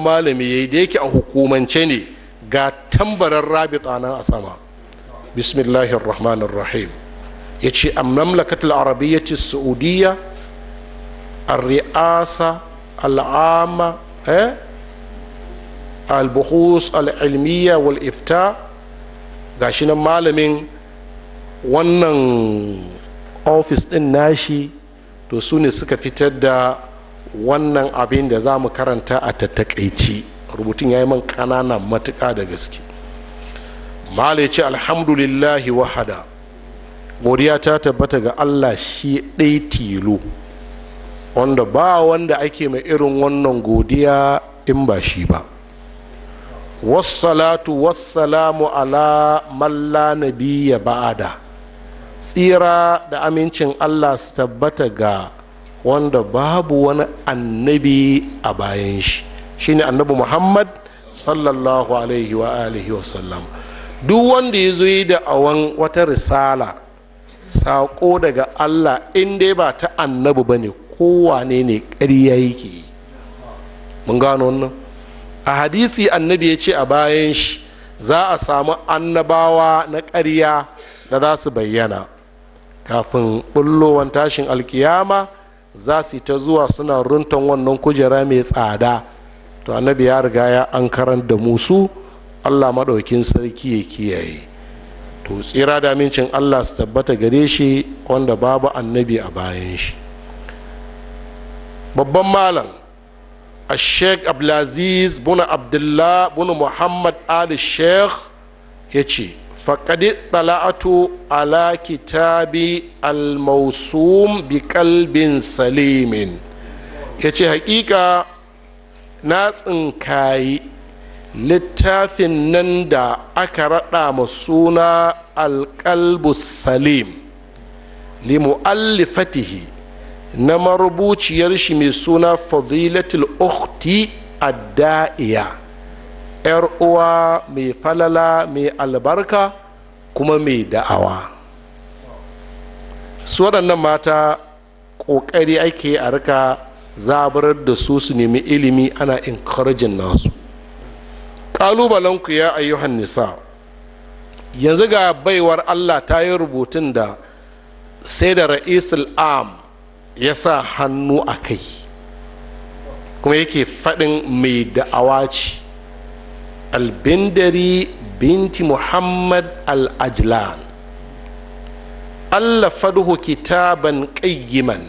malami ya yi da yake a hukumance ne ga tambarar rabita nan a sama bismillahir rahmanir rahim ya ce a mamlakatul arabiyyaci saudiya الرئاسة eh, wal ifta ga shi nan malamin wannan ofis ɗin nashi to su ne suka fitar da wannan abin da za mu karanta a tattakaici rubutun ya yi man ƙananan matuƙa da gaske ce alhamdulillahi wahada godiya ta tabbata ga allah shi ɗai tilo wanda ba wanda ake mai irin wannan godiya in ba shi ba wassalatu wassalamu ala malla nabiya ba'ada tsira da amincin allah su tabbata ga wanda babu wani annabi a bayan shi shine annabi muhammad sallallahu alaihi wa alihi wa sallam duk wanda ya zo da awan wata risala saƙo daga allah in dai ba ta annabi ba ne kowane ne ƙarya yake mun gano wannan a hadisi annabi ya ce a bayan shi za a samu annabawa na ƙarya da za su bayyana kafin ɓullowan tashin alkiyama za su ta zuwa suna runtan wannan kujera mai tsada to annabi ya riga ya an karan da musu allah maɗaukin sarki ya kiyaye to tsira da amincin allah su tabbata gare shi wanda babu annabi a bayan shi babban malam sheikh عبد العزيز بن عبد الله muhammad محمد sheikh الشيخ faƙaɗi ɗala'atu ala kitabi almausum bi kalbin salimin yace haƙiƙa na tsinkayi littafin nan da aka raɗa ma suna alƙalbu salim fatihi na marubuciyar shi mai suna fadilatul ukhti adda'iya 'yar uwa mai falala mai albarka kuma mai da'awa su waɗannan mata ƙoƙari ake a rika zabarar da su su nemi ilimi ana encouraging nasu ƙalubalenku ya ayi hannisa yanzu ga baiwar allah ta yi rubutun da sai da ra'isul am ya sa hannu a kai kuma yake faɗin mai da'awa ce albindari binti muhammad al-ajlan allah faduhu kitaban kayyiman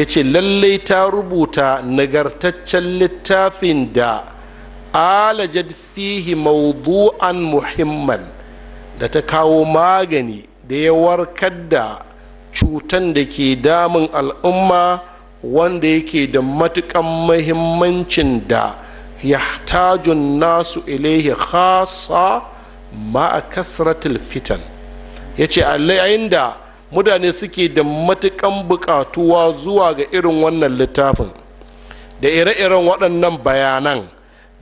ya ce lallai ta rubuta nagartaccen littafin da alajad fihi mawdu'an muhimman da ta kawo magani da ya warkar da cutan da ke damun al'umma wanda yake da matukan muhimmancin da yahtajun nasu ilaihi khasa ma'a kasratil fitan ya ce layayin da mutane suke da matukan bukatuwa zuwa ga irin wannan littafin da ire-iren waɗannan bayanan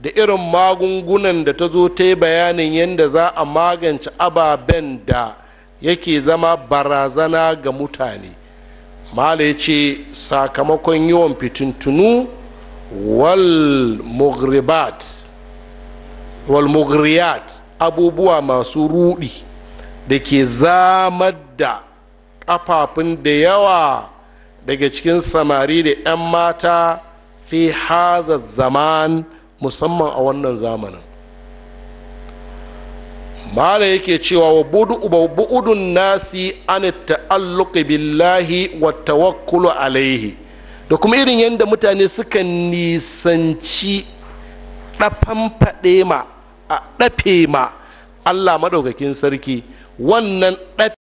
da irin magungunan da ta zo ta yi bayanin yadda za a magance ababen da yake zama barazana ga mutane mala ya ce sakamakon yawan fitintunu wal abubuwa masu rudi da ke zamar da ƙafafun da yawa daga cikin samari da 'yan mata fi haza zaman musamman a wannan zamanin mala yake cewa wa bu'udun nasi an ta'alluqi billahi wa tawakkulu alaihi da kuma irin yadda mutane suka nisanci ɗafan faɗe ma a ɗafe ma allah maɗaukakin sarki wannan ɗafe